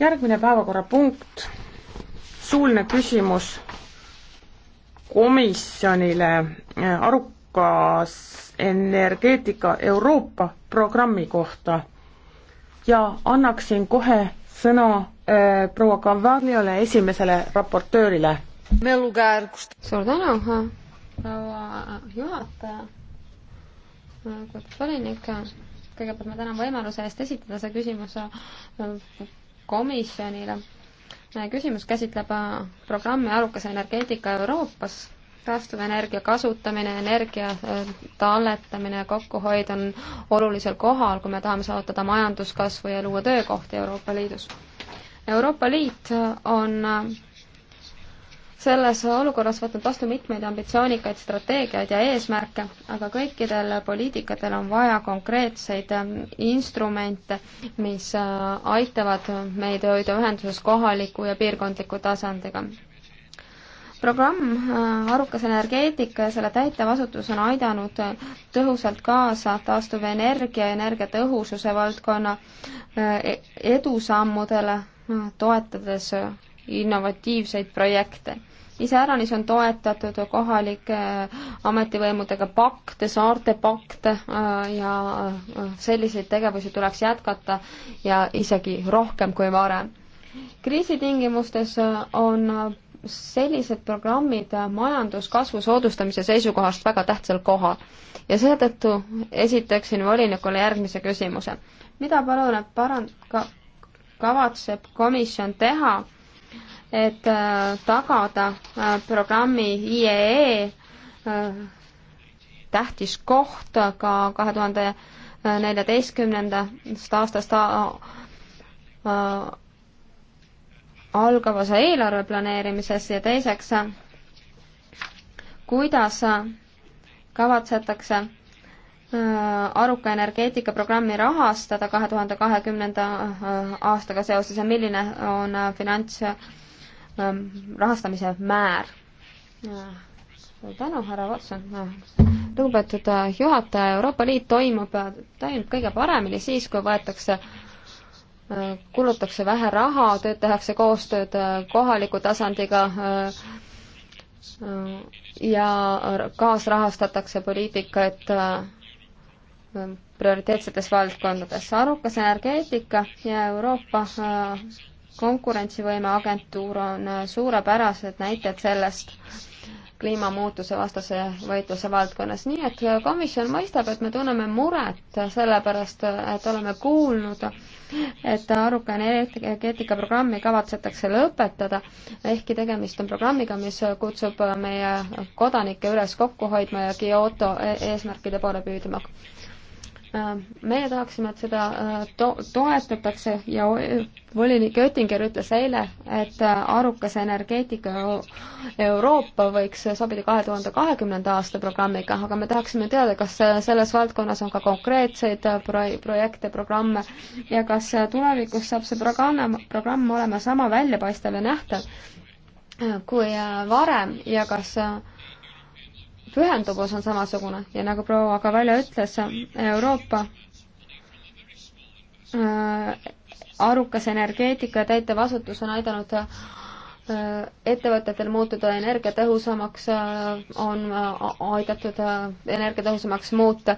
järgmine päevakorrapunkt, suuline küsimus komisjonile eh, arukas energeetika Euroopa programmi kohta ja annaksin kohe sõna äh, proua Cavaliole, esimesele raportöörile. suur tänu, proua juhataja, volinik, kõigepealt ma tänan võimaluse eest esitada see küsimus eh, komisjonile. küsimus käsitleb äh, programmi Arukas energeetika Euroopas. taastuvenergia kasutamine, energia äh, talletamine ja kokkuhoid on olulisel kohal, kui me tahame saavutada majanduskasvu ja luua töökohti Euroopa Liidus. Euroopa Liit äh, on selles olukorras võtnud vastu mitmeid ambitsioonikaid strateegiaid ja eesmärke, aga kõikidel poliitikatel on vaja konkreetseid ähm, instrumente, mis äh, aitavad meid hoida ühenduses kohaliku ja piirkondliku tasandiga. programm äh, Arukas energeetika ja selle täitev asutus on aidanud äh, tõhusalt kaasa taastuvenergia ja energiatõhususe valdkonna e-, edusammudele, toetades innovatiivseid projekte iseäranis on toetatud kohalike äh, ametivõimudega pakte, saarte pakte äh, ja äh, selliseid tegevusi tuleks jätkata ja isegi rohkem kui varem. kriisitingimustes on sellised programmid majanduskasvu soodustamise seisukohast väga tähtsal kohal ja seetõttu esitaksin volinikule järgmise küsimuse. mida palun, et paran-, ka, kavatseb komisjon teha et äh, tagada äh, programmi IEE e, äh, tähtis koht ka kahe tuhande neljateistkümnendast aastast algavas eelarve planeerimises ja teiseks, kuidas kavatsetakse aruka energeetika programmi rahastada kahe tuhande kahekümnenda aastaga seoses ja milline on finants Ähm, rahastamise määr. suur tänu, härra Watson. lugupeetud äh, juhataja, Euroopa Liit toimub, äh, toimib kõige paremini siis, kui võetakse äh, kulutakse vähe raha, tööd tehakse koostööd kohaliku tasandiga ja kaasrahastatakse poliitikat prioriteetsetes valdkondades. arukas energeetika ja Euroopa konkurentsivõime agentuur on suurepärased näited sellest kliimamuutuse vastase võitluse valdkonnas. nii et komisjon mõistab, et me tunneme muret sellepärast, et oleme kuulnud, et aruka energeetikaprogrammi kavatsetakse lõpetada, ehkki tegemist on programmiga, mis kutsub meie kodanikke üles kokku hoidma ja Kyoto e-, eesmärkide poole püüdma Äh, meie tahaksime, et seda äh, to-, toetatakse ja volinik Oettinger ütles eile, et äh, arukas energeetika Euroopa võiks sobida kahe tuhande kahekümnenda aasta programmiga, aga me tahaksime teada, kas selles valdkonnas on ka konkreetseid pro-, projekte, programme ja kas tulevikus saab see programm, programm olema sama väljapaistev ja nähtav kui varem ja kas äh, pühenduvus on samasugune ja nagu proua Kavalja ütles, Euroopa äh, arukas energeetika ja täitevasutus on aidanud Äh, ettevõtetel muutuda energiatõhusamaks, äh, on äh, aidatud energiatõhusamaks muuta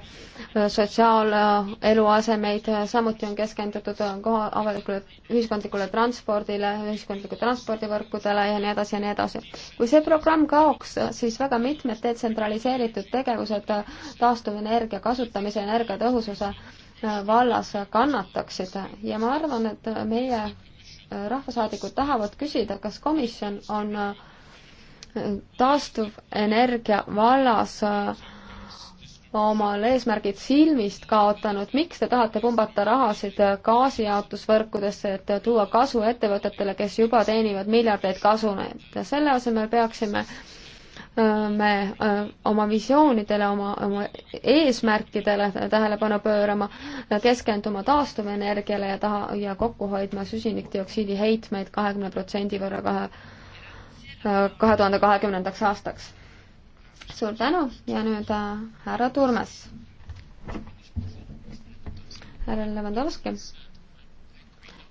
sotsiaaleluasemeid, samuti on keskendutud koha, avalikule, ühiskondlikule transpordile, ühiskondlikele transpordivõrkudele ja nii edasi ja nii edasi. kui see programm kaoks, siis väga mitmed detsentraliseeritud tegevused taastuvenergia kasutamise, energiatõhususe vallas kannataksid ja ma arvan, et meie rahvasaadikud tahavad küsida, kas komisjon on äh, taastuvenergia vallas äh, omal eesmärgid silmist kaotanud, miks te tahate pumbata rahasid äh, gaasijaotusvõrkudesse, et tuua kasu ettevõtetele, kes juba teenivad miljardeid kasumeid? selle asemel peaksime äh, me oma visioonidele, oma, oma eesmärkidele tähelepanu pöörama, keskenduma taastuvenergiale ja taha, ja kokku hoidma süsinikdioksiidi heitmeid kahekümne protsendi võrra kahe, kahe tuhande kahekümnendaks aastaks. suur tänu ja nüüd äh, härra Turmes. härra Levandovski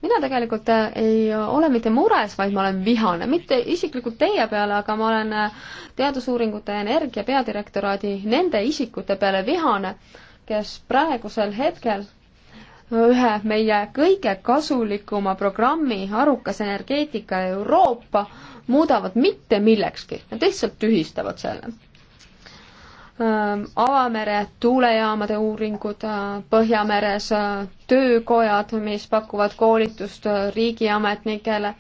mina tegelikult äh, ei äh, ole mitte mures, vaid ma olen vihane, mitte isiklikult teie peale, aga ma olen äh, teadusuuringute ja energia peadirektoraadi nende isikute peale vihane, kes praegusel hetkel ühe meie kõige kasulikuma programmi, Arukas energeetika Euroopa, muudavad mitte millekski, nad lihtsalt tühistavad selle avamere tuulejaamade uuringud Põhjameres, töökojad, mis pakuvad koolitust riigiametnikele,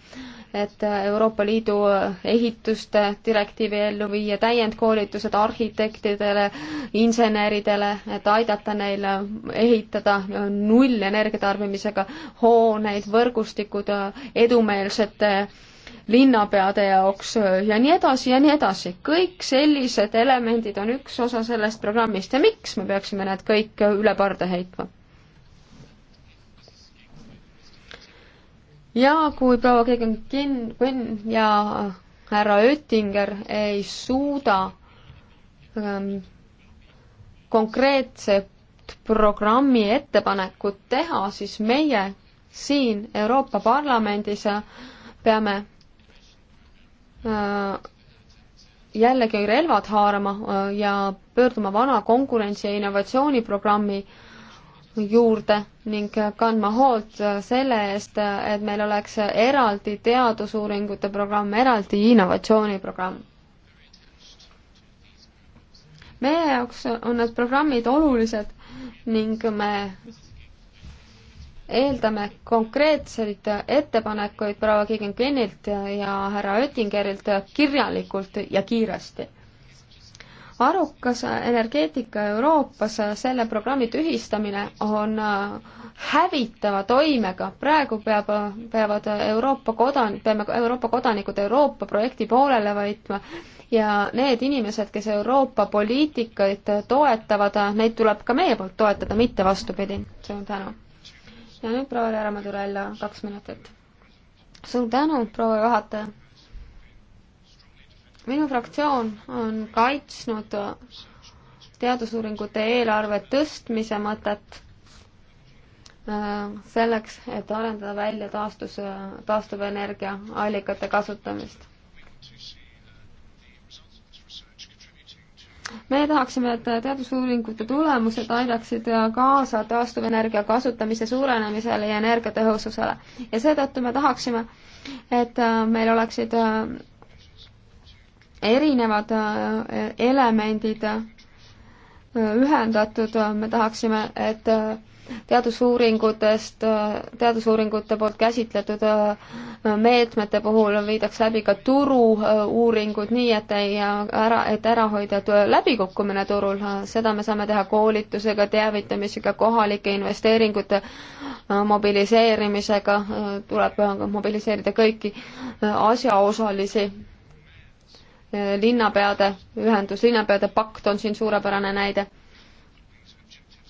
et Euroopa Liidu ehituste direktiivi ellu viia, täiendkoolitused arhitektidele, inseneridele, et aidata neil ehitada nullenergia tarbimisega hooneid, võrgustikud, edumeelsete linnapeade jaoks äh, ja nii edasi ja nii edasi. kõik sellised elemendid on üks osa sellest programmist ja miks me peaksime need kõik äh, üle parda heitma? ja kui proua Keegan-Kinn, Quinn ja äh, härra Oettinger ei suuda ähm, konkreetset programmi ettepanekut teha, siis meie siin Euroopa Parlamendis peame Äh, jällegi relvad haarama äh, ja pöörduma vana konkurentsi- ja innovatsiooniprogrammi juurde ning kandma hoolt äh, selle eest, et meil oleks eraldi teadusuuringute programm, eraldi innovatsiooniprogramm. meie jaoks on need programmid olulised ning me eeldame konkreetseid ettepanekuid proua Kigen-Klinilt ja härra Oettingerilt kirjalikult ja kiiresti. arukas energeetika Euroopas, selle programmi tühistamine on hävitava toimega, praegu peab, peavad Euroopa kodan-, peame Euroopa kodanikud Euroopa projekti poolele võitma ja need inimesed, kes Euroopa poliitikaid toetavad, neid tuleb ka meie poolt toetada, mitte vastupidi. suur tänu ja nüüd proua Järama Turella, kaks minutit. suur tänu, proua juhataja. minu fraktsioon on kaitsnud teadusuuringute eelarve tõstmise mõtet äh, selleks, et arendada välja taastus, taastuvenergia allikate kasutamist. me tahaksime, et teadusuuringute tulemused aidaksid kaasa taastuvenergia kasutamise suurenemisele ja energiatõhususele. ja seetõttu me tahaksime, et meil oleksid erinevad elemendid ühendatud, me tahaksime, et teadusuuringutest, teadusuuringute poolt käsitletud äh, meetmete puhul viidaks läbi ka turu-uuringud, nii et ei äh, ära, et ära hoida läbikukkumine turul, seda me saame teha koolitusega, teavitamisega, kohalike investeeringute äh, mobiliseerimisega, tuleb mobiliseerida kõiki asjaosalisi linnapeade ühendus, linnapeade pakt on siin suurepärane näide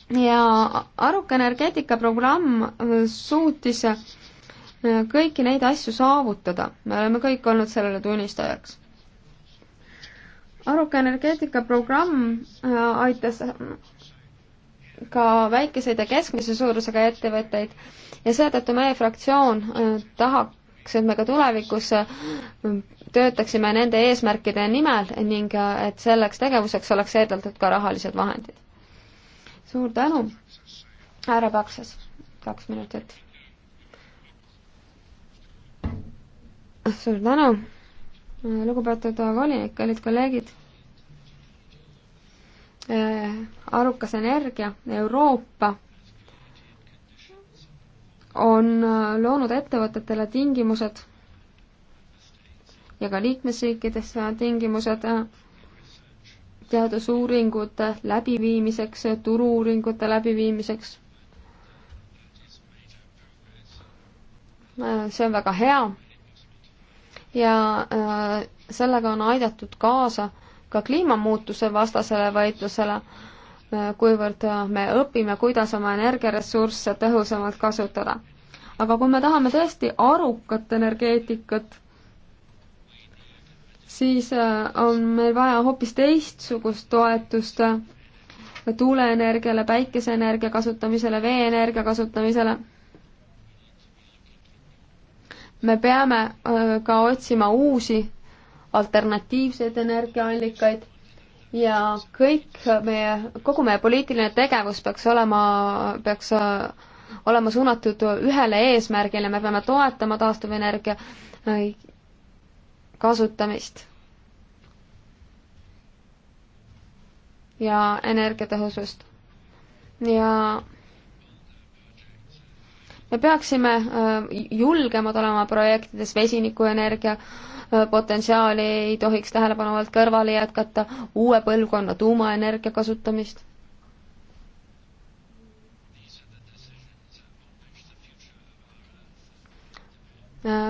ja aruka energeetikaprogramm äh, suutis äh, kõiki neid asju saavutada, me oleme kõik olnud sellele tunnistajaks. aruka energeetikaprogramm äh, aitas ka väikeseid ja keskmise suurusega ettevõtteid ja seetõttu meie fraktsioon tahaks, et me ka tulevikus töötaksime nende eesmärkide nimel ning et selleks tegevuseks oleks eeldatud ka rahalised vahendid suur tänu, härra Paksas, kaks minutit. suur tänu, lugupeetud volinik, kallid kolleegid. Eh, arukas energia, Euroopa on eh, loonud ettevõtetele tingimused ja ka liikmesriikides tingimused eh, teadusuuringute läbiviimiseks, turu-uuringute läbiviimiseks. see on väga hea ja äh, sellega on aidatud kaasa ka kliimamuutuse vastasele võitlusele, äh, kuivõrd äh, me õpime, kuidas oma energiaressursse tõhusamalt kasutada. aga kui me tahame tõesti arukat energeetikat, siis äh, on meil vaja hoopis teistsugust toetust äh, tuuleenergiale, päikeseenergia kasutamisele, veeenergia kasutamisele. me peame äh, ka otsima uusi alternatiivseid energiaallikaid ja kõik meie, kogu meie poliitiline tegevus peaks olema, peaks olema suunatud ühele eesmärgile, me peame toetama taastuvenergia kasutamist. ja energiatõhusust. ja me peaksime äh, julgemad olema projektides, vesinikuenergia äh, potentsiaali ei tohiks tähelepanu alt kõrvale jätkata, uue põlvkonna tuumaenergia kasutamist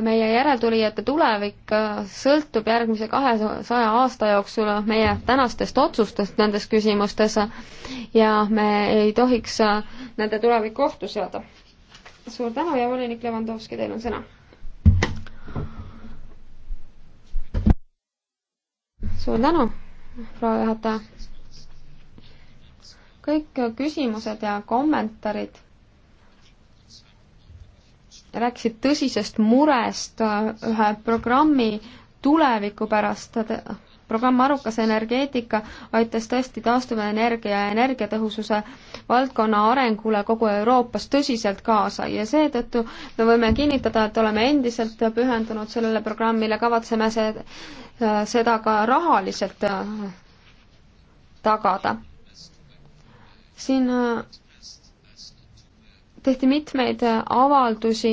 meie järeltulijate tulevik äh, sõltub järgmise kahesaja aasta jooksul meie tänastest otsustest nendes küsimustes ja me ei tohiks äh, nende tulevikku ohtu seada. suur tänu ja volinik Levandovski, teil on sõna. suur tänu, proua juhataja. kõik küsimused ja kommentaarid rääkisid tõsisest murest äh, ühe programmi tuleviku pärast, programm Arukas energeetika aitas tõesti taastuvenergia ja energiatõhususe valdkonna arengule kogu Euroopas tõsiselt kaasa ja seetõttu me võime kinnitada, et oleme endiselt pühendunud sellele programmile, kavatseme see, äh, seda ka rahaliselt äh, tagada. siin tehti mitmeid äh, avaldusi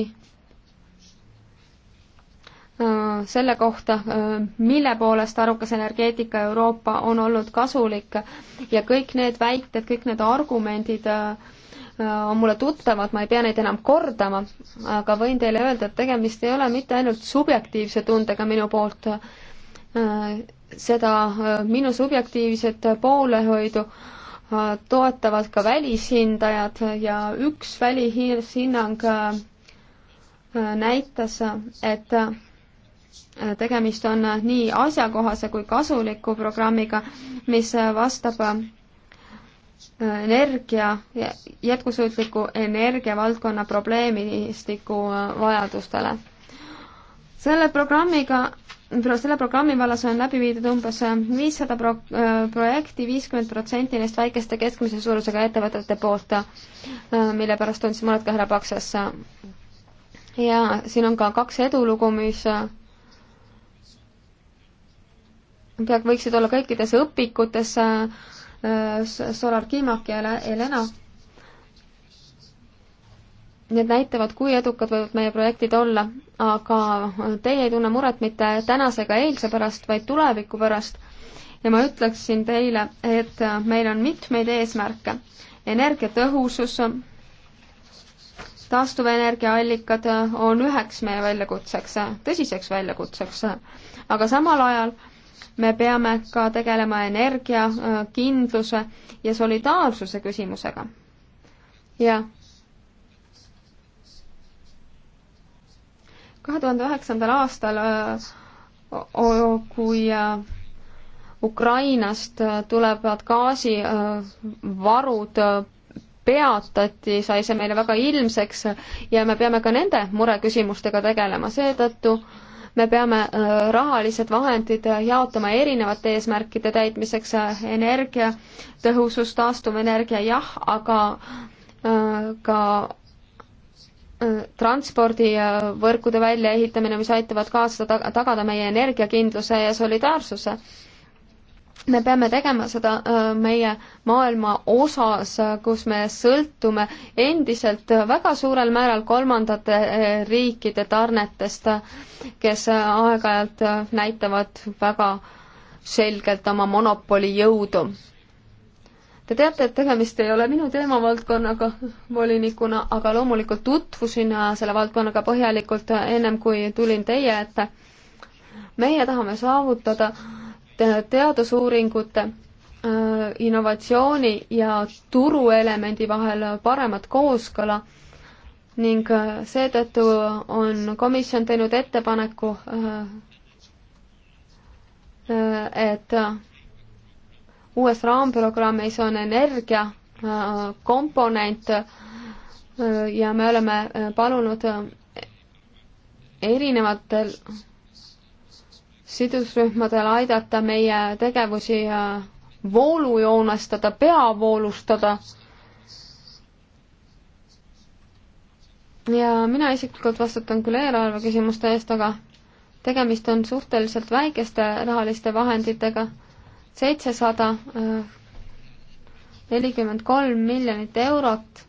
äh, selle kohta, äh, mille poolest arukas energeetika Euroopa on olnud kasulik ja kõik need väited, kõik need argumendid on mulle tuttavad, ma ei pea neid enam kordama, aga võin teile öelda, et tegemist ei ole mitte ainult subjektiivse tundega minu poolt, seda minu subjektiivset poolehoidu toetavad ka välishindajad ja üks välihinnang äh, näitas, et äh, tegemist on nii asjakohase kui kasuliku programmiga, mis vastab äh, energia, jätkusuutliku energiavaldkonna probleemistiku vajadustele. selle programmiga selle programmi vallas on läbi viidud umbes viissada pro-, äh, projekti, viiskümmend protsenti neist väikeste keskmise suurusega ettevõtete poolt, äh, mille pärast tundsin muret ka härra Paksas. ja siin on ka kaks edulugu, mis äh, peab, võiksid olla kõikides õpikutes, Solar Kimak ja Elena Need näitavad, kui edukad võivad meie projektid olla, aga teie ei tunne muret mitte tänase ega eilse pärast, vaid tuleviku pärast. ja ma ütleksin teile, et meil on mitmeid eesmärke. energiatõhusus, taastuvenergiaallikad on üheks meie väljakutseks, tõsiseks väljakutseks. aga samal ajal me peame ka tegelema energiakindluse ja solidaarsuse küsimusega. jah kahe tuhande üheksandal aastal, äh, kui äh, Ukrainast äh, tulevad gaasivarud peatati, sai see meile väga ilmseks ja me peame ka nende mureküsimustega tegelema, seetõttu me peame rahalised vahendid jaotama erinevate eesmärkide täitmiseks, energiatõhusus, taastuvenergia jah, aga ka Äh, transpordivõrkude väljaehitamine, mis aitavad kaasa tagada meie energiakindluse ja solidaarsuse. me peame tegema seda äh, meie maailma osas, äh, kus me sõltume endiselt väga suurel määral kolmandate riikide tarnetest, kes aeg-ajalt näitavad väga selgelt oma monopolijõudu Te teate, et tegemist ei ole minu teemavaldkonnaga volinikuna, aga loomulikult tutvusin äh, selle valdkonnaga põhjalikult äh, ennem kui tulin teie ette. meie tahame saavutada teadusuuringute äh, innovatsiooni ja turuelemendi vahel paremat kooskõla ning seetõttu on komisjon teinud ettepaneku, et uues raamprogrammis on energia äh, komponent äh, ja me oleme äh, palunud erinevatel sidusrühmadel aidata meie tegevusi voolujoonestada, peavoolustada. ja mina isiklikult vastutan küll eelarve küsimuste eest, aga tegemist on suhteliselt väikeste rahaliste vahenditega seitsesada äh, nelikümmend kolm miljonit eurot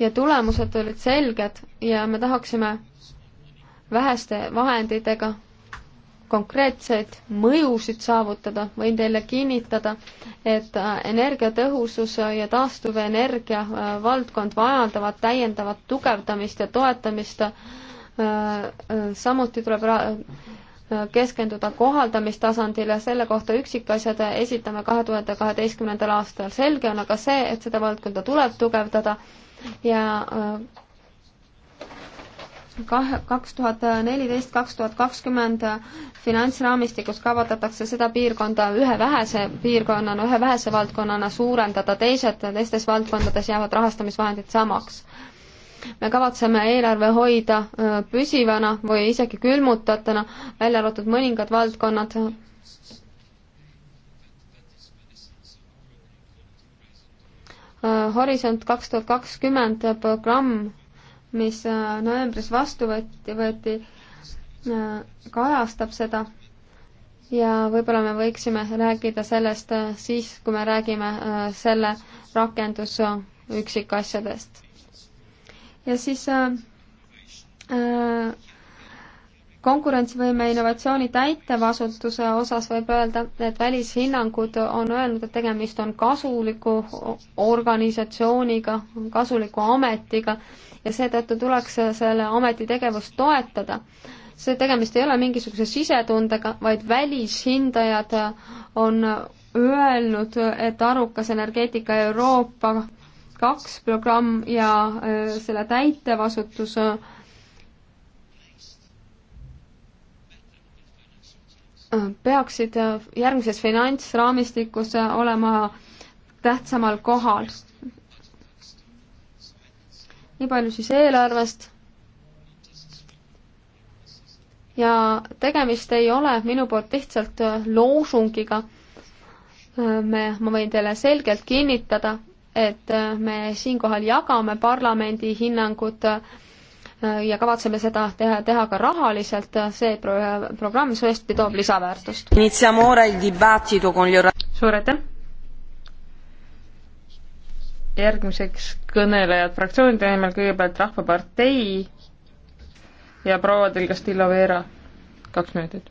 ja tulemused olid selged ja me tahaksime väheste vahenditega konkreetseid mõjusid saavutada, võin teile kinnitada, et äh, energiatõhusus ja taastuvenergia äh, valdkond vajavad täiendavat tugevdamist ja toetamist. samuti tuleb keskenduda kohaldamistasandile, selle kohta üksikasjad esitame kahe tuhande kaheteistkümnendal aastal. selge on aga see, et seda valdkonda tuleb tugevdada ja äh, kahe, kaks tuhat neliteist, kaks tuhat kakskümmend finantsraamistikus kavandatakse seda piirkonda ühe vähese piirkonnana, ühe vähese valdkonnana suurendada, teised, teistes valdkondades jäävad rahastamisvahendid samaks me kavatseme eelarve hoida äh, püsivana või isegi külmutatuna, välja arvatud mõningad valdkonnad, äh, Horisont kaks tuhat kakskümmend programm, mis äh, novembris vastu võeti, võeti, kajastab seda ja võib-olla me võiksime rääkida sellest siis, kui me räägime selle rakenduse üksikasjadest ja siis äh, äh konkurentsivõime innovatsiooni täitevasutuse osas võib öelda, et välishinnangud on öelnud, et tegemist on kasuliku organisatsiooniga, kasuliku ametiga ja seetõttu tuleks selle ameti tegevust toetada. see tegemist ei ole mingisuguse sisetundega, vaid välishindajad on öelnud, et arukas energeetika Euroopa kaks programm ja äh, selle täitevasutus äh, peaksid äh, järgmises finantsraamistikus olema tähtsamal kohal. nii palju siis eelarvest. ja tegemist ei ole minu poolt lihtsalt loosungiga. me, ma võin teile selgelt kinnitada, et äh, me siinkohal jagame parlamendi hinnangut äh, ja kavatseme seda teha, teha ka rahaliselt, see pro programm tõesti toob lisaväärtust. suur aitäh! järgmiseks kõnelejad fraktsioonide nimel, kõigepealt Rahvapartei ja proua Del Castillo Vera, kaks minutit.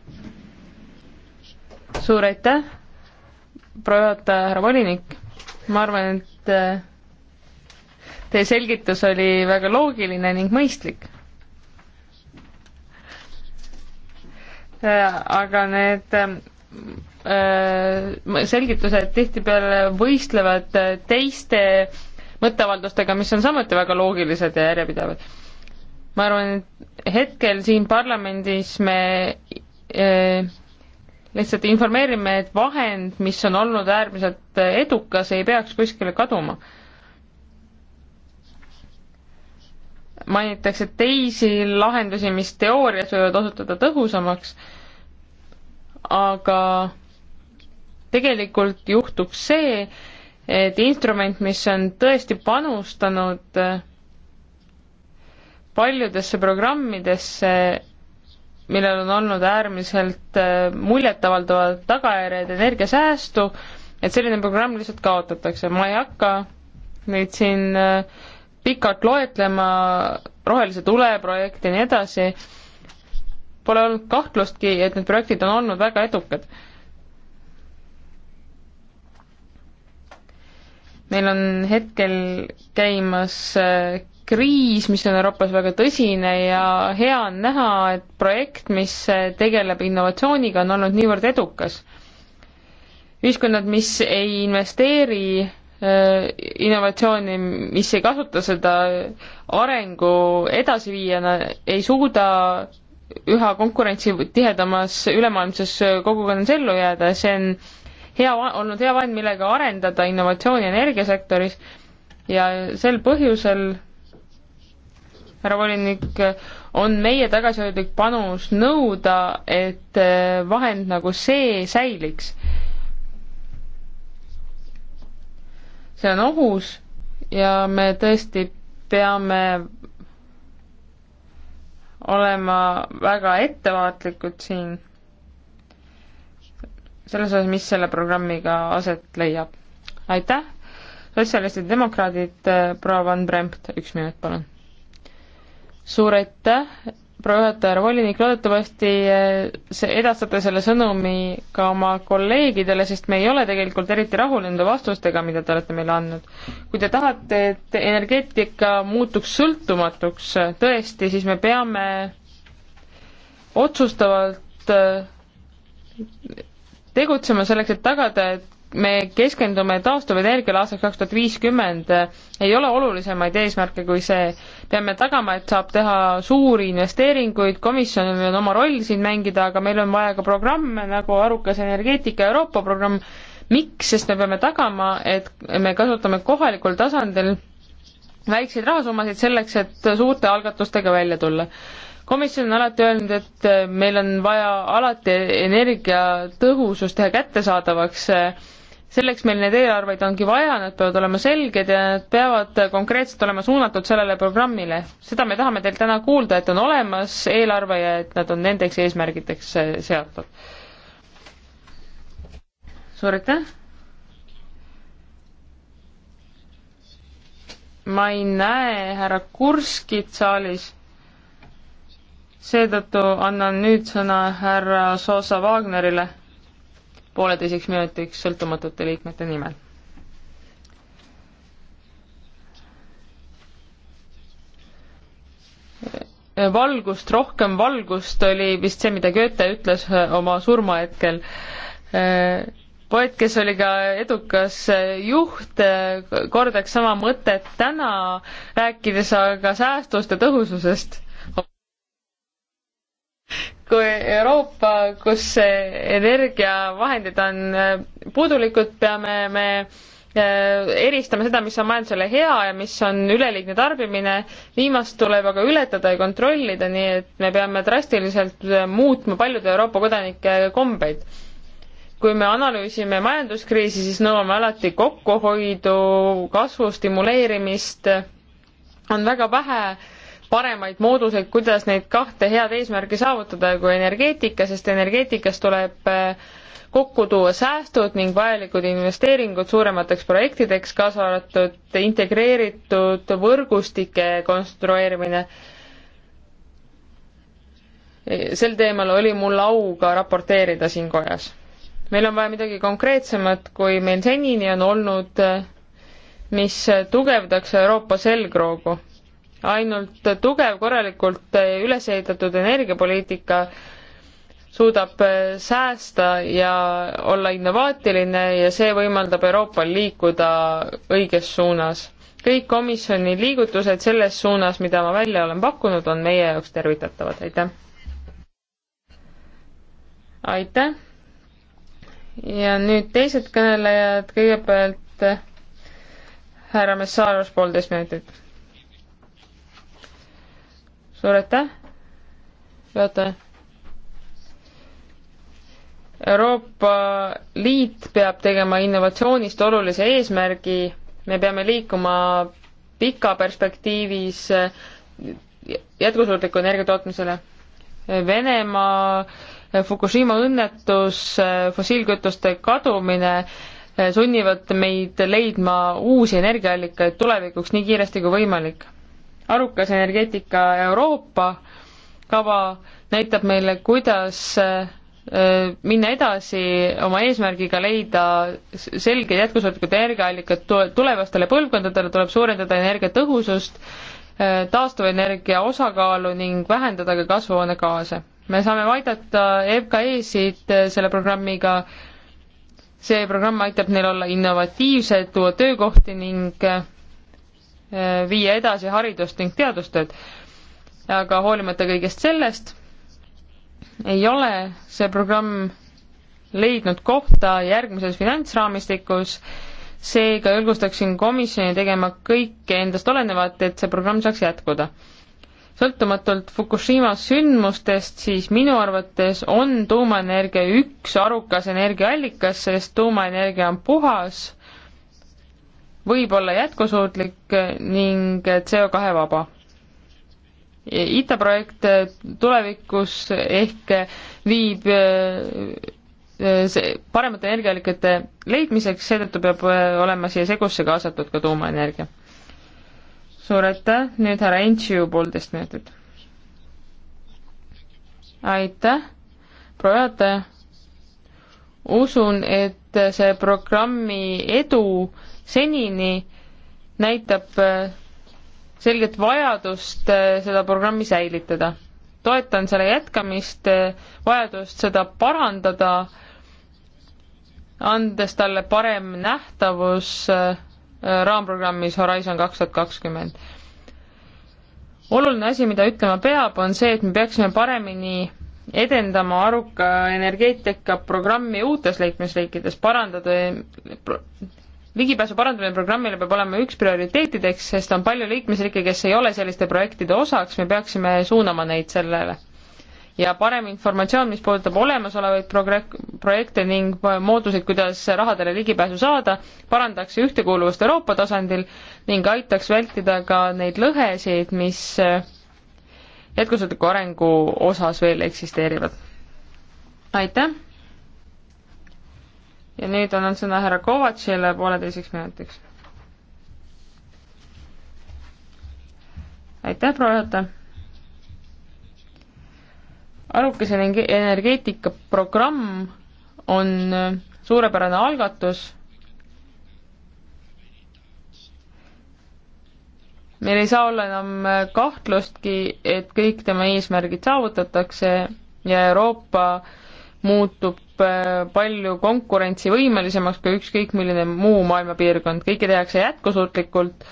suur aitäh, proua juhataja, härra volinik, ma arvan, et et äh, teie selgitus oli väga loogiline ning mõistlik. Äh, aga need äh, selgitused tihtipeale võistlevad teiste mõtteavaldustega, mis on samuti väga loogilised ja järjepidevad. ma arvan, et hetkel siin parlamendis me lihtsalt informeerime, et vahend, mis on olnud äärmiselt edukas, ei peaks kuskile kaduma. mainitakse teisi lahendusi, mis teoorias võivad osutuda tõhusamaks, aga tegelikult juhtuks see, et instrument, mis on tõesti panustanud paljudesse programmidesse millel on olnud äärmiselt äh, muljetavaldavad tagajärjed energiasäästu, et selline programm lihtsalt kaotatakse, ma ei hakka neid siin äh, pikalt loetlema, rohelise tule projekt ja nii edasi, pole olnud kahtlustki, et need projektid on olnud väga edukad. meil on hetkel käimas äh, kriis, mis on Euroopas väga tõsine ja hea on näha, et projekt, mis tegeleb innovatsiooniga, on olnud niivõrd edukas. ühiskonnad, mis ei investeeri innovatsiooni, mis ei kasuta seda arengu edasiviijana, ei suuda üha konkurentsitihedamas ülemaailmses kogukonnas ellu jääda, see on hea, olnud hea vahend, millega arendada innovatsiooni energiasektoris ja sel põhjusel härra volinik, on meie tagasihoidlik panus nõuda, et eh, vahend nagu see säiliks. see on ohus ja me tõesti peame olema väga ettevaatlikud siin selles osas, mis selle programmiga aset leiab. aitäh, sotsialistid ja demokraadid, eh, proua Van Brempt, üks minut, palun suur aitäh, proua juhataja, härra volinik, loodetavasti eh, see, edastate selle sõnumi ka oma kolleegidele, sest me ei ole tegelikult eriti rahul nende vastustega, mida te olete meile andnud. kui te tahate, et energeetika muutuks sõltumatuks eh, tõesti, siis me peame otsustavalt eh, tegutsema selleks, et tagada, et me keskendume taastuvenergiale aastaks kaks tuhat viiskümmend, ei ole olulisemaid eesmärke kui see. peame tagama, et saab teha suuri investeeringuid, komisjonil on oma roll siin mängida, aga meil on vaja ka programme nagu Arukas energeetika Euroopa programm. miks, sest me peame tagama, et me kasutame kohalikul tasandil väikseid rahasummasid selleks, et suurte algatustega välja tulla komisjon on alati öelnud, et meil on vaja alati energiatõhusust teha kättesaadavaks äh, selleks meil neid eelarveid ongi vaja, nad peavad olema selged ja nad peavad konkreetselt olema suunatud sellele programmile. seda me tahame teilt täna kuulda, et on olemas eelarve ja et nad on nendeks eesmärgideks äh, seatud. suur aitäh! ma ei näe härra Kurskit saalis, seetõttu annan nüüd sõna härra Soosa Wagnerile pooleteiseks minutiks sõltumatute liikmete nimel. valgust, rohkem valgust oli vist see, mida Goethe ütles äh, oma surmahetkel. Äh, poet, kes oli ka edukas äh, juht, kordaks sama mõtet täna, rääkides aga säästust ja tõhususest kui Euroopa, kus energiavahendid on äh, puudulikud, peame me äh, eristama seda, mis on majandusele hea ja mis on üleliigne tarbimine. viimast tuleb aga ületada ja kontrollida, nii et me peame drastiliselt äh, muutma paljude Euroopa kodanike kombeid. kui me analüüsime majanduskriisi, siis nõuame alati kokkuhoidu, kasvu stimuleerimist. on väga vähe äh, paremaid mooduseid, kuidas neid kahte head eesmärki saavutada kui energeetika, sest energeetikas tuleb äh, kokku tuua säästud ning vajalikud investeeringud suuremateks projektideks, kaasa arvatud integreeritud võrgustike konstrueerimine. sel teemal oli mul au ka raporteerida siin kojas. meil on vaja midagi konkreetsemat, kui meil senini on olnud, äh, mis tugevdaks Euroopa selgroogu ainult tugev, korralikult üles ehitatud energiapoliitika suudab äh, säästa ja olla innovaatiline ja see võimaldab Euroopal liikuda õiges suunas. kõik komisjoni liigutused selles suunas, mida ma välja olen pakkunud, on meie jaoks tervitatavad, aitäh! aitäh! ja nüüd teised kõnelejad, kõigepealt äh, härra Messaros, poolteist minutit suur aitäh, juhataja. Euroopa Liit peab tegema innovatsioonist olulise eesmärgi, me peame liikuma pika perspektiivis jätkusuutliku energia tootmisele. Venemaa Fukushima õnnetus, fossiilkütuste kadumine sunnivad meid leidma uusi energiaallikaid tulevikuks nii kiiresti kui võimalik arukas energeetika Euroopa kava näitab meile, kuidas äh, minna edasi oma eesmärgiga leida selged jätkusuutlikud energiaallikad tulevastele põlvkondadele, tuleb suurendada energiatõhusust, äh, taastuvenergia osakaalu ning vähendada ka kasvuhoonegaase. me saame aidata EKE-sid äh, selle programmiga, see programm aitab neil olla innovatiivsed, tuua töökohti ning viia edasi haridust ning teadustööd. aga hoolimata kõigest sellest ei ole see programm leidnud kohta järgmises finantsraamistikus, seega julgustaksin komisjoni tegema kõike endast olenevat, et see programm saaks jätkuda. sõltumatult Fukushima sündmustest, siis minu arvates on tuumaenergia üks arukas energiaallikas, sest tuumaenergia on puhas võib olla jätkusuutlik ning CO2 vaba. ITA projekt tulevikus ehk viib äh, äh, see paremate energiaallikate leidmiseks, seetõttu peab äh, olema siia segusse kaasatud ka tuumaenergia. suur aitäh, nüüd härra Entšiu poolteist minutit. aitäh, proua juhataja. usun, et see programmi edu äh, senini näitab äh, selget vajadust äh, seda programmi säilitada. toetan selle jätkamist, äh, vajadust seda parandada, andes talle parem nähtavus raamprogrammis Horizon kaks tuhat kakskümmend. oluline asi, mida ütlema peab, on see, et me peaksime paremini edendama aruka energeetika programmi uutes liikmesriikides, parandada ligipääsu parandamine programmile peab olema üks prioriteetideks, sest on palju liikmesriike, kes ei ole selliste projektide osaks, me peaksime suunama neid sellele. ja parem informatsioon, mis puudutab olemasolevaid progre-, projekte ning mooduseid, kuidas rahadele ligipääsu saada, parandaks ühtekuuluvust Euroopa tasandil ning aitaks vältida ka neid lõhesid, mis jätkusuutliku arengu osas veel eksisteerivad. aitäh! ja nüüd annan sõna härra Kovatšile pooleteiseks minutiks. aitäh, proua juhataja! arukas energeetika programm on suurepärane algatus. meil ei saa olla enam kahtlustki, et kõik tema eesmärgid saavutatakse ja Euroopa muutub Äh, palju konkurentsivõimelisemaks kui ükskõik milline muu maailma piirkond, kõike tehakse jätkusuutlikult.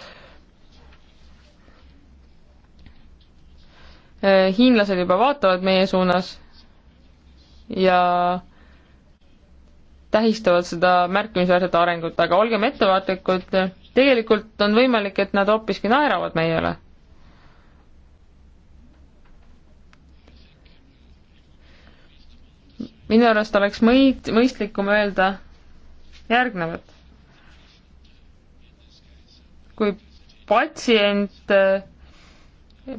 Äh, hiinlased juba vaatavad meie suunas ja tähistavad seda märkimisväärset arengut, aga olgem ettevaatlikud, tegelikult on võimalik, et nad hoopiski naeravad meie üle minu arust oleks mõid-, mõistlikum öelda järgnevat. kui patsient, eh,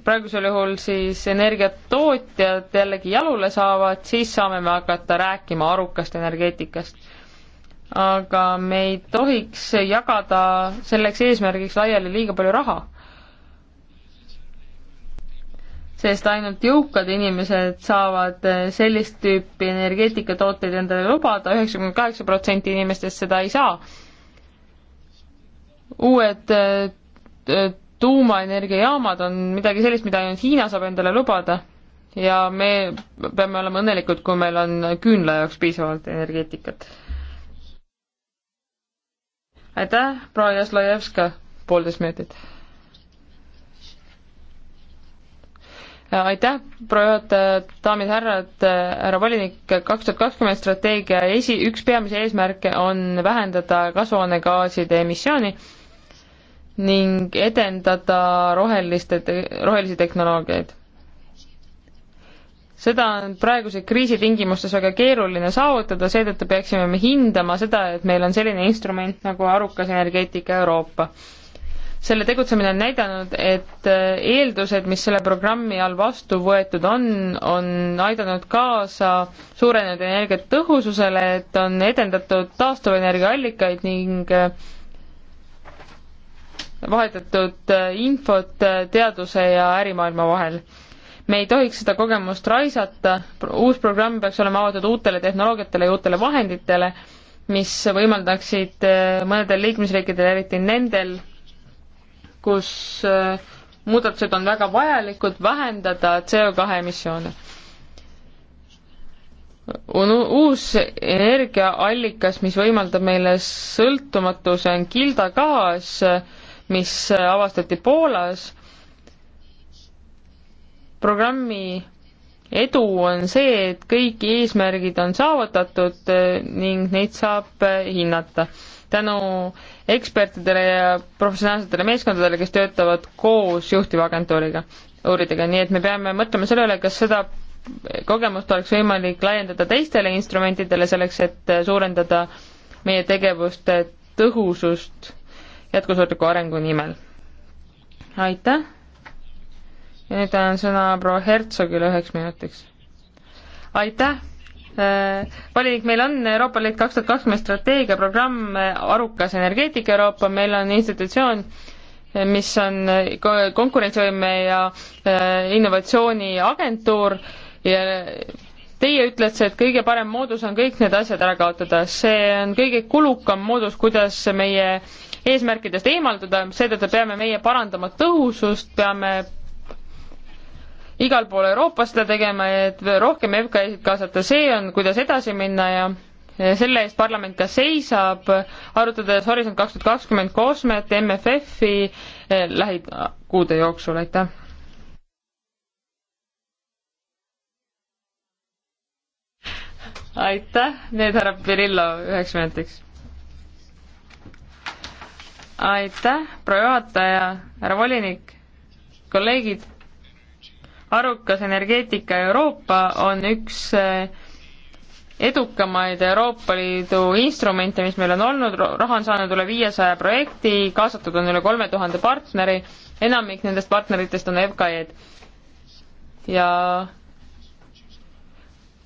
praegusel juhul siis energiatootjad jällegi jalule saavad, siis saame me hakata rääkima arukast energeetikast. aga me ei tohiks jagada selleks eesmärgiks laiali liiga palju raha sest ainult jõukad inimesed saavad eh, sellist tüüpi energeetikatooteid endale lubada, üheksakümmend kaheksa protsenti inimestest seda ei saa. uued eh, eh, tuumaenergiajaamad on midagi sellist, mida ainult Hiina saab endale lubada ja me peame olema õnnelikud, kui meil on küünla jaoks piisavalt energeetikat. aitäh, proua Jaslojevska, poolteist minutit aitäh, proua juhataja, daamid ja härrad, äh, härra volinik, kaks tuhat kakskümmend strateegia esi, üks peamisi eesmärke on vähendada kasvuhoonegaaside emissiooni ning edendada roheliste, rohelisi tehnoloogiaid. seda on praeguse kriisi tingimustes väga keeruline saavutada, seetõttu peaksime me hindama seda, et meil on selline instrument nagu arukas energeetika Euroopa selle tegutsemine on näidanud, et äh, eeldused, mis selle programmi all vastu võetud on, on aidanud kaasa suurenenud energiatõhususele, et on edendatud taastuvenergiaallikaid ning äh, vahetatud äh, infot teaduse ja ärimaailma vahel. me ei tohiks seda kogemust raisata, uus programm peaks olema avatud uutele tehnoloogiatele ja uutele vahenditele, mis võimaldaksid mõnedel liikmesriikidel, eriti nendel, kus äh, muudatused on väga vajalikud, vähendada CO2 emissioone. on uus energiaallikas, mis võimaldab meile sõltumatuse, on kildagaas, mis avastati Poolas. programmi edu on see, et kõik eesmärgid on saavutatud eh, ning neid saab eh, hinnata. tänu ekspertidele ja professionaalsetele meeskondadele, kes töötavad koos juhtiva agentuuriga, uuridega, nii et me peame mõtlema selle üle, kas seda kogemust oleks võimalik laiendada teistele instrumentidele selleks, et eh, suurendada meie tegevuste tõhusust jätkusuutliku arengu nimel. aitäh! ja nüüd annan sõna proua Hertsogile üheks minutiks. aitäh! Äh, valinik meil on Euroopa Liit kaks tuhat kakskümmend strateegiaprogramm äh, Arukas energeetika Euroopa, meil on institutsioon, äh, mis on konkurentsivõime ja innovatsiooniagentuur ja teie ütlete, et kõige parem moodus on kõik need asjad ära kaotada, see on kõige kulukam moodus, kuidas meie eesmärkidest eemalduda, seetõttu peame meie parandama tõhusust, peame igal pool Euroopas seda tegema, et rohkem FKI-sid kaasata, see on, kuidas edasi minna ja selle eest parlament ka seisab, arutades Horisont kaks tuhat kakskümmend koosmet, MFF-i eh, lähikuude jooksul, aitäh! aitäh, need härra Pirillo üheks minutiks. aitäh, proua juhataja, härra volinik, kolleegid arukas energeetika Euroopa on üks eh, edukamaid Euroopa Liidu instrumente, mis meil on olnud, raha on saanud üle viiesaja projekti, kaasatud on üle kolme tuhande partneri, enamik nendest partneritest on FKE-d. ja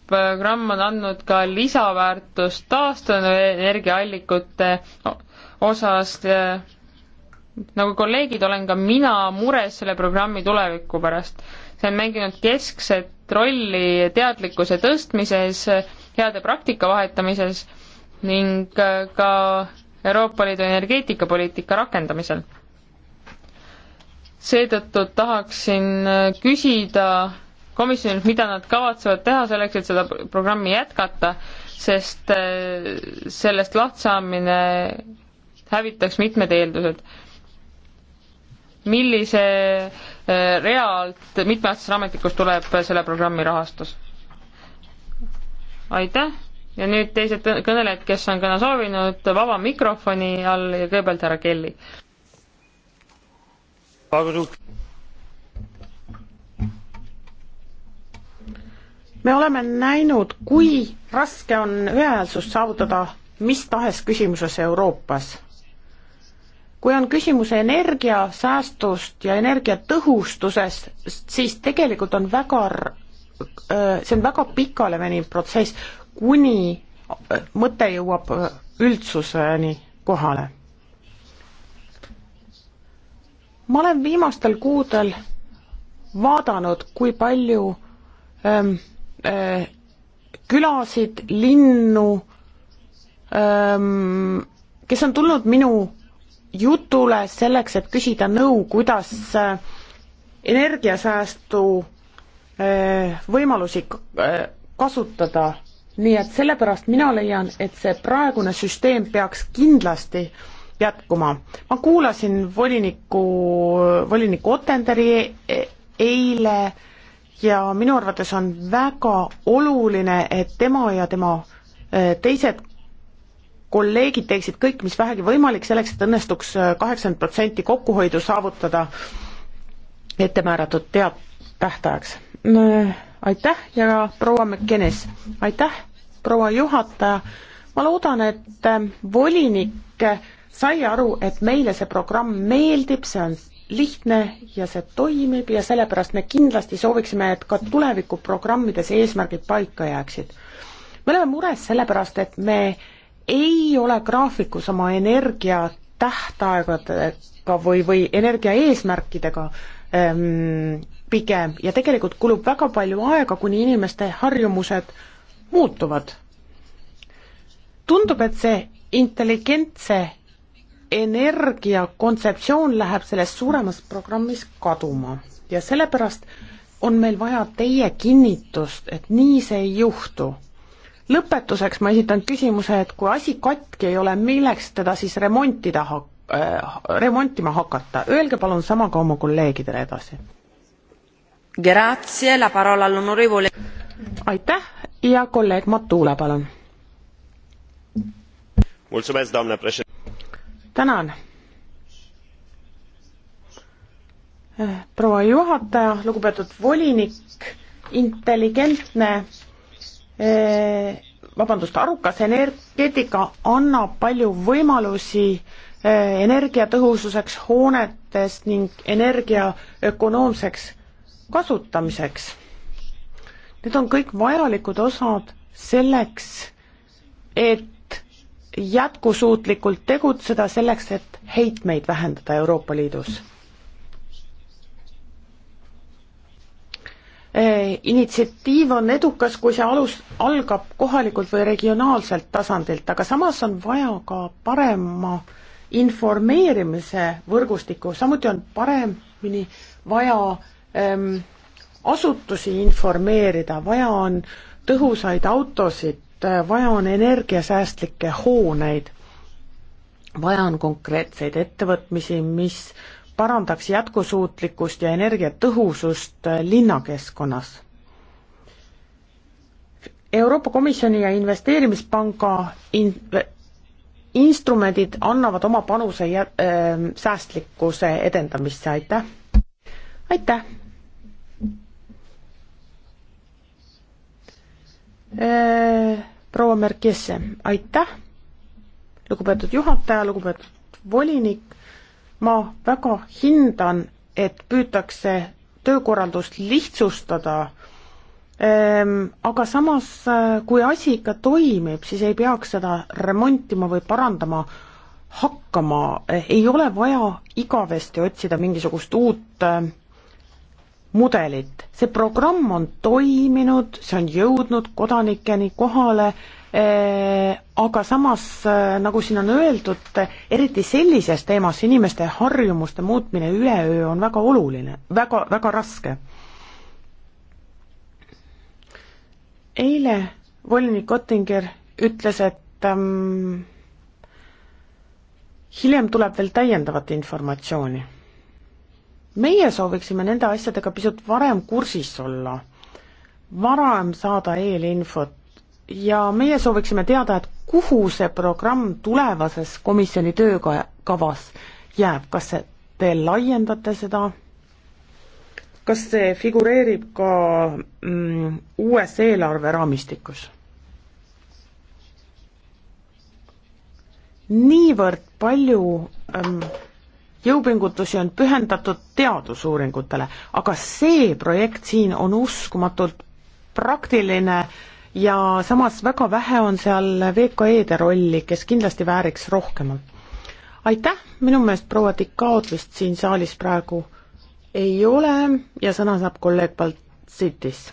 programm on andnud ka lisaväärtust taastuvenergiaallikute osas. nagu kolleegid, olen ka mina mures selle programmi tuleviku pärast see on mänginud keskset rolli teadlikkuse tõstmises, heade praktika vahetamises ning äh, ka Euroopa Liidu energeetikapoliitika rakendamisel. seetõttu tahaksin äh, küsida komisjonilt, mida nad kavatsevad teha selleks, et seda programmi jätkata, sest äh, sellest lahtsaamine hävitaks mitmed eeldused millise Äh, realt, mitmeaastasest raamatikust tuleb selle programmi rahastus. aitäh ja nüüd teised kõnelejad, kes on kõne soovinud, vaba mikrofoni all ja kõigepealt härra Kelly. me oleme näinud, kui raske on ühehäälsust saavutada mis tahes küsimuses Euroopas kui on küsimus energiasäästust ja energiatõhustusest, siis tegelikult on väga, äh, see on väga pikale veniv protsess, kuni äh, mõte jõuab äh, üldsuseni kohale. ma olen viimastel kuudel vaadanud, kui palju ähm, äh, külasid, linnu ähm,, kes on tulnud minu jutule selleks, et küsida nõu, kuidas äh, energiasäästu äh, võimalusi äh, kasutada. nii et sellepärast mina leian, et see praegune süsteem peaks kindlasti jätkuma. ma kuulasin voliniku, volinik Ottenderi e-, e-, eile ja minu arvates on väga oluline, et tema ja tema teised kolleegid teeksid kõik, mis vähegi võimalik, selleks et õnnestuks äh, kaheksakümmend protsenti kokkuhoidu saavutada ettemääratud tead-, tähtajaks. aitäh ja proua McKennis, aitäh, proua juhataja, ma loodan, et äh, volinik äh, sai aru, et meile see programm meeldib, see on lihtne ja see toimib ja sellepärast me kindlasti sooviksime, et ka tulevikuprogrammides eesmärgid paika jääksid. me oleme mures sellepärast, et me ei ole graafikus oma energia tähtaegadega või, või energia eesmärkidega ähm, pigem ja tegelikult kulub väga palju aega, kuni inimeste harjumused muutuvad. tundub, et see intelligentse energia kontseptsioon läheb selles suuremas programmis kaduma ja sellepärast on meil vaja teie kinnitust, et nii see ei juhtu lõpetuseks ma esitan küsimuse, et kui asi katki ei ole, milleks teda siis remontida ha-, äh, remontima hakata, öelge palun sama ka oma kolleegidele edasi. aitäh ja kolleeg Matula, palun. tänan. proua juhataja, lugupeetud volinik, intelligentne Eh, vabandust, arukas energeetika annab palju võimalusi eh, energiatõhususeks hoonetes ning energia ökonoomseks kasutamiseks. Need on kõik vajalikud osad selleks, et jätkusuutlikult tegutseda, selleks, et heitmeid vähendada Euroopa Liidus Eh, initsiatiiv on edukas, kui see alus, algab kohalikult või regionaalselt tasandilt, aga samas on vaja ka parema informeerimise võrgustikku, samuti on paremini vaja ähm, asutusi informeerida, vaja on tõhusaid autosid, eh, vaja on energiasäästlikke hooneid, vaja on konkreetseid ettevõtmisi, mis parandaks jätkusuutlikkust ja energiatõhusust linnakeskkonnas. Euroopa Komisjoni ja Investeerimispanga in-, instrumendid annavad oma panuse jä-, äh, säästlikkuse edendamisse, aitäh! aitäh! Äh, proua Merkesse, aitäh, lugupeetud juhataja, lugupeetud volinik, ma väga hindan, et püütakse töökorraldust lihtsustada, ehm, aga samas, äh, kui asi ikka toimib, siis ei peaks seda remontima või parandama hakkama, eh, ei ole vaja igavesti otsida mingisugust uut äh, mudelit. see programm on toiminud, see on jõudnud kodanikeni kohale Äh, aga samas, äh, nagu siin on öeldud, eriti sellises teemas inimeste harjumuste muutmine üleöö on väga oluline, väga, väga raske. eile volinik Ottinger ütles, et ähm, hiljem tuleb veel täiendavat informatsiooni. meie sooviksime nende asjadega pisut varem kursis olla, varem saada eelinfot, ja meie sooviksime teada, et kuhu see programm tulevases komisjoni töökavas jääb, kas te laiendate seda? kas see figureerib ka mm, uues eelarveraamistikus? niivõrd palju ähm, jõupingutusi on pühendatud teadusuuringutele, aga see projekt siin on uskumatult praktiline äh, ja samas väga vähe on seal VKE-de rolli, kes kindlasti vääriks rohkemat. aitäh, minu meelest proua Dikaot vist siin saalis praegu ei ole ja sõna saab kolleeg Baltsitis.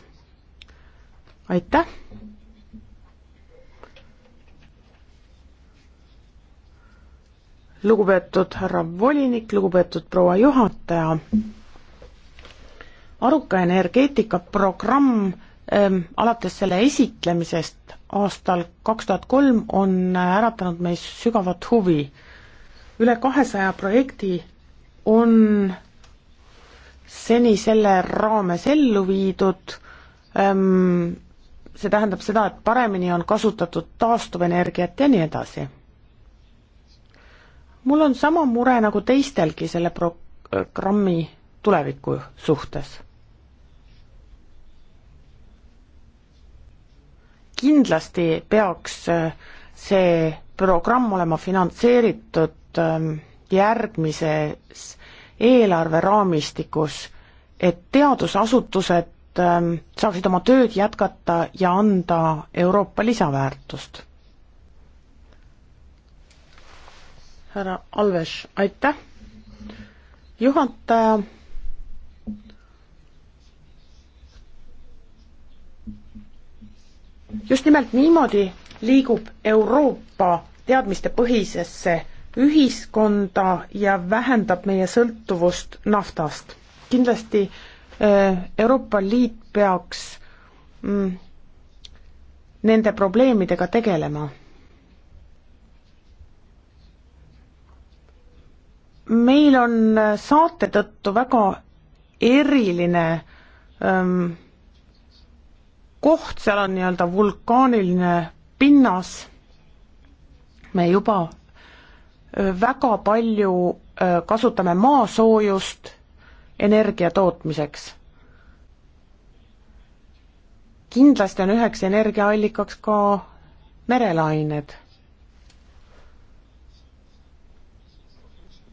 aitäh. lugupeetud härra volinik, lugupeetud proua juhataja, aruka energeetikaprogramm ähm, alates selle esitlemisest aastal kaks tuhat kolm on äratanud meis sügavat huvi. üle kahesaja projekti on seni selle raames ellu viidud ähm,, see tähendab seda, et paremini on kasutatud taastuvenergiat ja nii edasi. mul on sama mure nagu teistelgi selle programmi tuleviku suhtes kindlasti peaks äh, see programm olema finantseeritud ähm, järgmises eelarveraamistikus, et teadusasutused ähm, saaksid oma tööd jätkata ja anda Euroopa lisaväärtust. härra Alves, aitäh! juhataja just nimelt niimoodi liigub Euroopa teadmistepõhisesse ühiskonda ja vähendab meie sõltuvust naftast. kindlasti äh, Euroopa Liit peaks mm, nende probleemidega tegelema. meil on saate tõttu väga eriline öö, mm, ähm, koht, seal on nii-öelda vulkaaniline pinnas, me juba väga palju kasutame maasoojust energia tootmiseks. kindlasti on üheks energiaallikaks ka merelained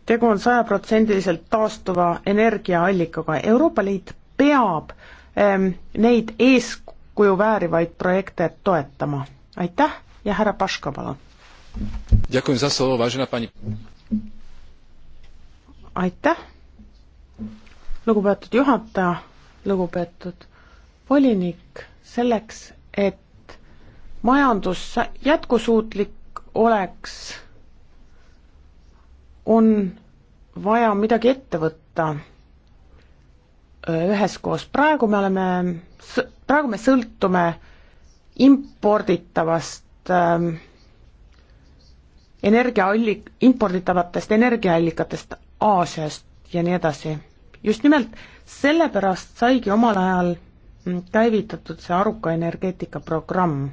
tegu on sajaprotsendiliselt taastuva energiaallikaga, Euroopa Liit peab ähm, neid ees, kuju väärivaid projekte toetama. aitäh ja härra Paška, palun! aitäh, lugupeetud juhataja, lugupeetud volinik, selleks, et majandus jätkusuutlik oleks, on vaja midagi ette võtta Äh, üheskoos, praegu me oleme, praegu me sõltume imporditavast ähm, energiaalli-, imporditavatest energiaallikatest Aasiast ja nii edasi. just nimelt sellepärast saigi omal ajal mm, käivitatud see aruka energeetika programm.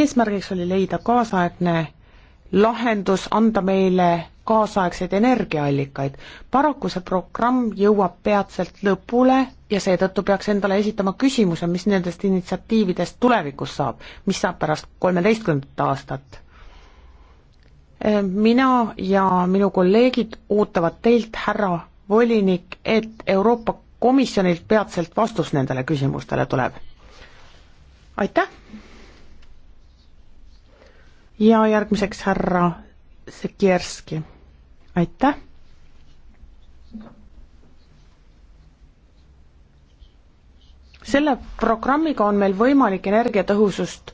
eesmärgiks oli leida kaasaegne lahendus anda meile kaasaegseid energiaallikaid. paraku see programm jõuab peatselt lõpule ja seetõttu peaks endale esitama küsimuse, mis nendest initsiatiividest tulevikus saab, mis saab pärast kolmeteistkümnendat aastat. mina ja minu kolleegid ootavad teilt, härra volinik, et Euroopa Komisjonilt peatselt vastus nendele küsimustele tuleb. aitäh! ja järgmiseks härra Sikierski, aitäh. selle programmiga on meil võimalik energiatõhusust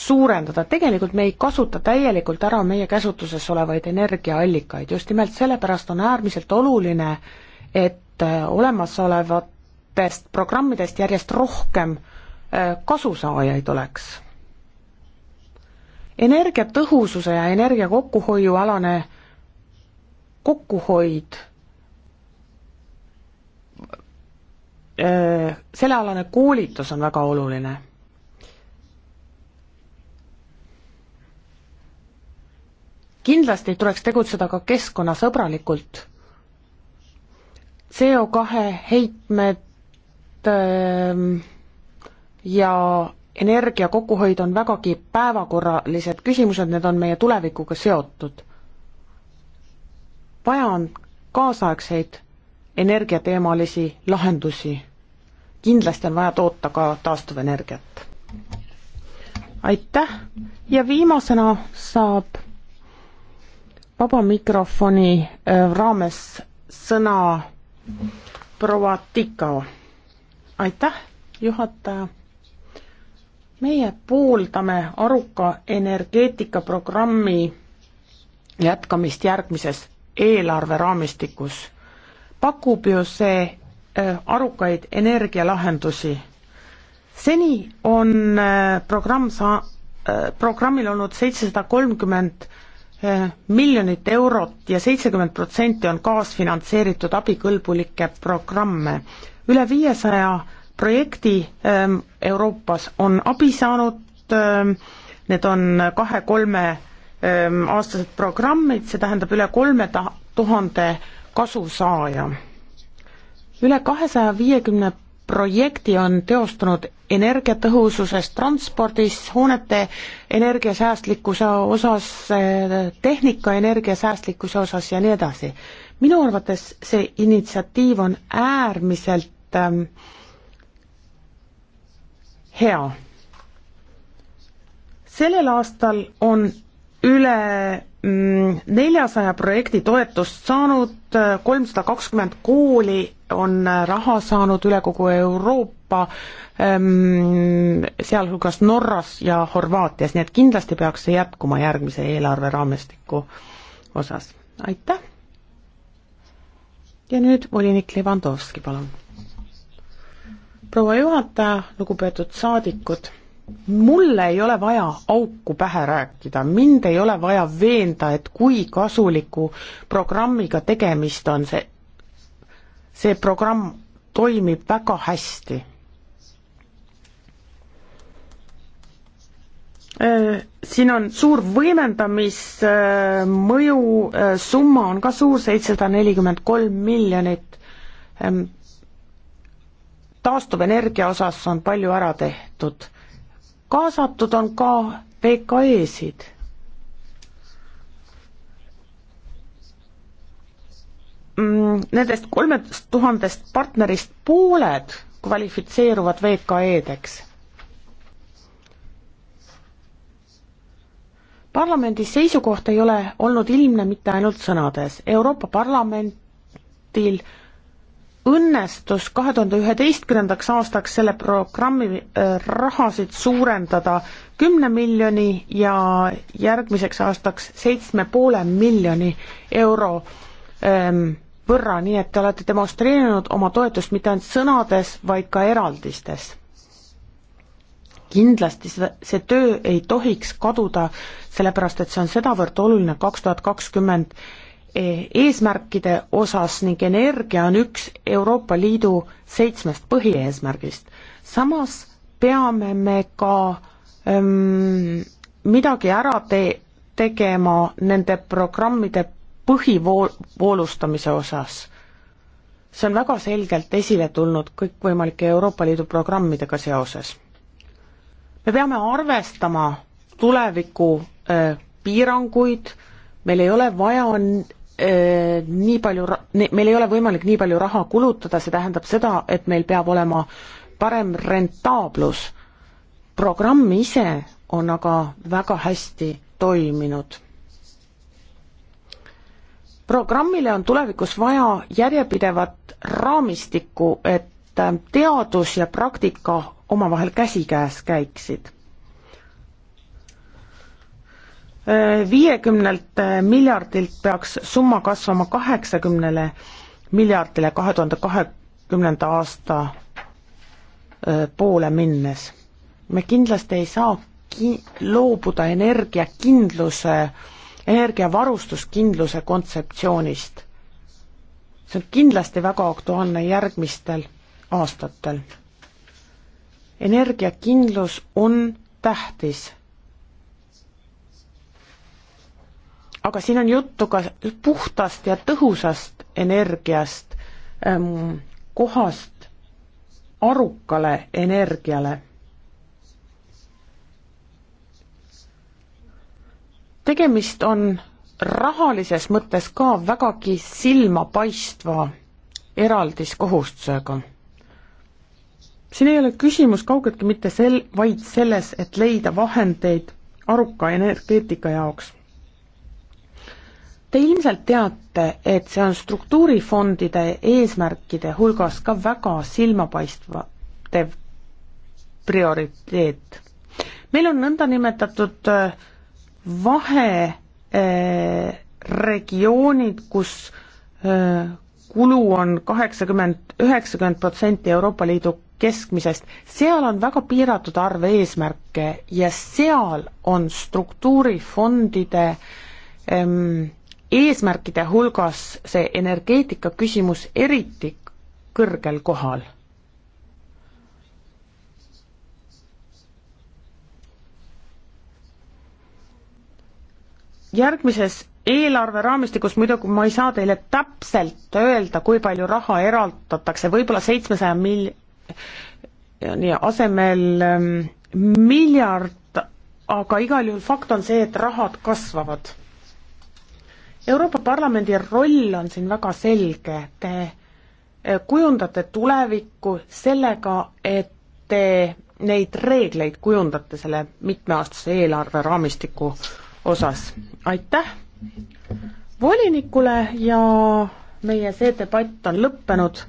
suurendada, tegelikult me ei kasuta täielikult ära meie käsutuses olevaid energiaallikaid, just nimelt sellepärast on äärmiselt oluline, et äh, olemasolevatest programmidest järjest rohkem äh, kasusaajaid oleks energiatõhususe ja energia kokkuhoiu alane kokkuhoid, äh, sellealane koolitus on väga oluline. kindlasti tuleks tegutseda ka keskkonnasõbralikult. CO kahe heitmed ähm, ja energia kokkuhoid on vägagi päevakorralised küsimused, need on meie tulevikuga seotud. vaja on kaasaegseid energiateemalisi lahendusi. kindlasti on vaja toota ka taastuvenergiat. aitäh ja viimasena saab vaba mikrofoni äh, raames sõna proua Tikao. aitäh, juhataja meie pooldame aruka energeetikaprogrammi jätkamist järgmises eelarveraamistikus. pakub ju see äh, arukaid energialahendusi. seni on äh, programm saa-, äh, programmil olnud seitsesada kolmkümmend miljonit eurot ja seitsekümmend protsenti on kaasfinantseeritud abikõlbulikke programme. üle viiesaja 500 projekti ähm, Euroopas on abi saanud, ähm, need on kahe-kolme ähm, aastased programmid, see tähendab üle kolme ta-, tuhande kasusaaja. üle kahesaja viiekümne projekti on teostunud energiatõhususes transpordis, hoonete energiasäästlikkuse osas, äh, tehnika energiasäästlikkuse osas ja nii edasi. minu arvates see initsiatiiv on äärmiselt ähm, hea. sellel aastal on üle mm, neljasaja projekti toetust saanud, kolmsada kakskümmend kooli on raha saanud üle kogu Euroopa, mm, sealhulgas Norras ja Horvaatias, nii et kindlasti peaks see jätkuma järgmise eelarveraamistiku osas. aitäh! ja nüüd volinik Levandovski, palun proua juhataja, lugupeetud saadikud, mul ei ole vaja auku pähe rääkida, mind ei ole vaja veenda, et kui kasuliku programmiga tegemist on see, see programm toimib väga hästi äh, siin on suur võimendamismõju, äh, äh, summa on ka suur, seitsesada nelikümmend kolm miljonit taastuvenergia osas on palju ära tehtud. kaasatud on ka VKE-sid. Mm, nendest kolmest tuhandest partnerist pooled kvalifitseeruvad VKE-deks. parlamendi seisukoht ei ole olnud ilmne mitte ainult sõnades, Euroopa Parlamentil õnnestus kahe tuhande üheteistkümnendaks aastaks selle programmi äh, rahasid suurendada kümne miljoni ja järgmiseks aastaks seitsme poole miljoni euro ähm, võrra, nii et te olete demonstreerinud oma toetust mitte ainult sõnades, vaid ka eraldistes. kindlasti seda, see töö ei tohiks kaduda, sellepärast et see on sedavõrd oluline kaks tuhat kakskümmend Eh, eesmärkide osas ning energia on üks Euroopa Liidu seitsmest põhieesmärgist. samas peame me ka ähm, midagi ära te-, tegema nende programmide põhivoolustamise osas. see on väga selgelt esile tulnud kõikvõimalike Euroopa Liidu programmidega seoses. me peame arvestama tuleviku öö, eh, piiranguid, meil ei ole vaja Eh, nii palju, meil ei ole võimalik nii palju raha kulutada, see tähendab seda, et meil peab olema parem rentaablus. programm ise on aga väga hästi toiminud. programmile on tulevikus vaja järjepidevat raamistikku, et eh, teadus ja praktika omavahel käsikäes käiksid viiekümnelt äh, miljardilt peaks summa kasvama kaheksakümnele miljardile kahe tuhande kahekümnenda aasta äh, poole minnes. me kindlasti ei saa ki-, loobuda energiakindluse, energiavarustuskindluse kontseptsioonist. see on kindlasti väga aktuaalne järgmistel aastatel. energiakindlus on tähtis aga siin on juttu ka puhtast ja tõhusast energiast ähm,, kohast arukale energiale. tegemist on rahalises mõttes ka vägagi silmapaistva eraldiskohustusega. siin ei ole küsimus kaugeltki mitte sel-, vaid selles, et leida vahendeid aruka energeetika jaoks Te ilmselt teate, et see on struktuurifondide eesmärkide hulgas ka väga silmapaistvatev prioriteet. meil on nõndanimetatud äh, vaheregioonid, äh, kus äh, kulu on kaheksakümmend, üheksakümmend protsenti Euroopa Liidu keskmisest, seal on väga piiratud arv eesmärke ja seal on struktuurifondide ähm, eesmärkide hulgas see energeetika küsimus eriti kõrgel kohal. järgmises eelarveraamistikus muidugi ma ei saa teile täpselt öelda, kui palju raha eraldatakse, võib-olla seitsmesaja mil-, nii asemel ähm, miljard, aga igal juhul fakt on see, et rahad kasvavad Euroopa Parlamendi roll on siin väga selge, te eh, kujundate tulevikku sellega, et te neid reegleid kujundate selle mitmeaastase eelarveraamistiku osas. aitäh volinikule ja meie see debatt on lõppenud.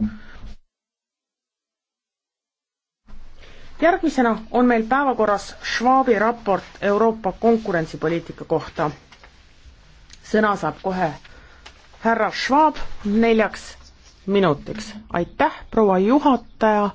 järgmisena on meil päevakorras Schwabi raport Euroopa konkurentsipoliitika kohta sõna saab kohe härra Schwab neljaks minutiks. aitäh, proua juhataja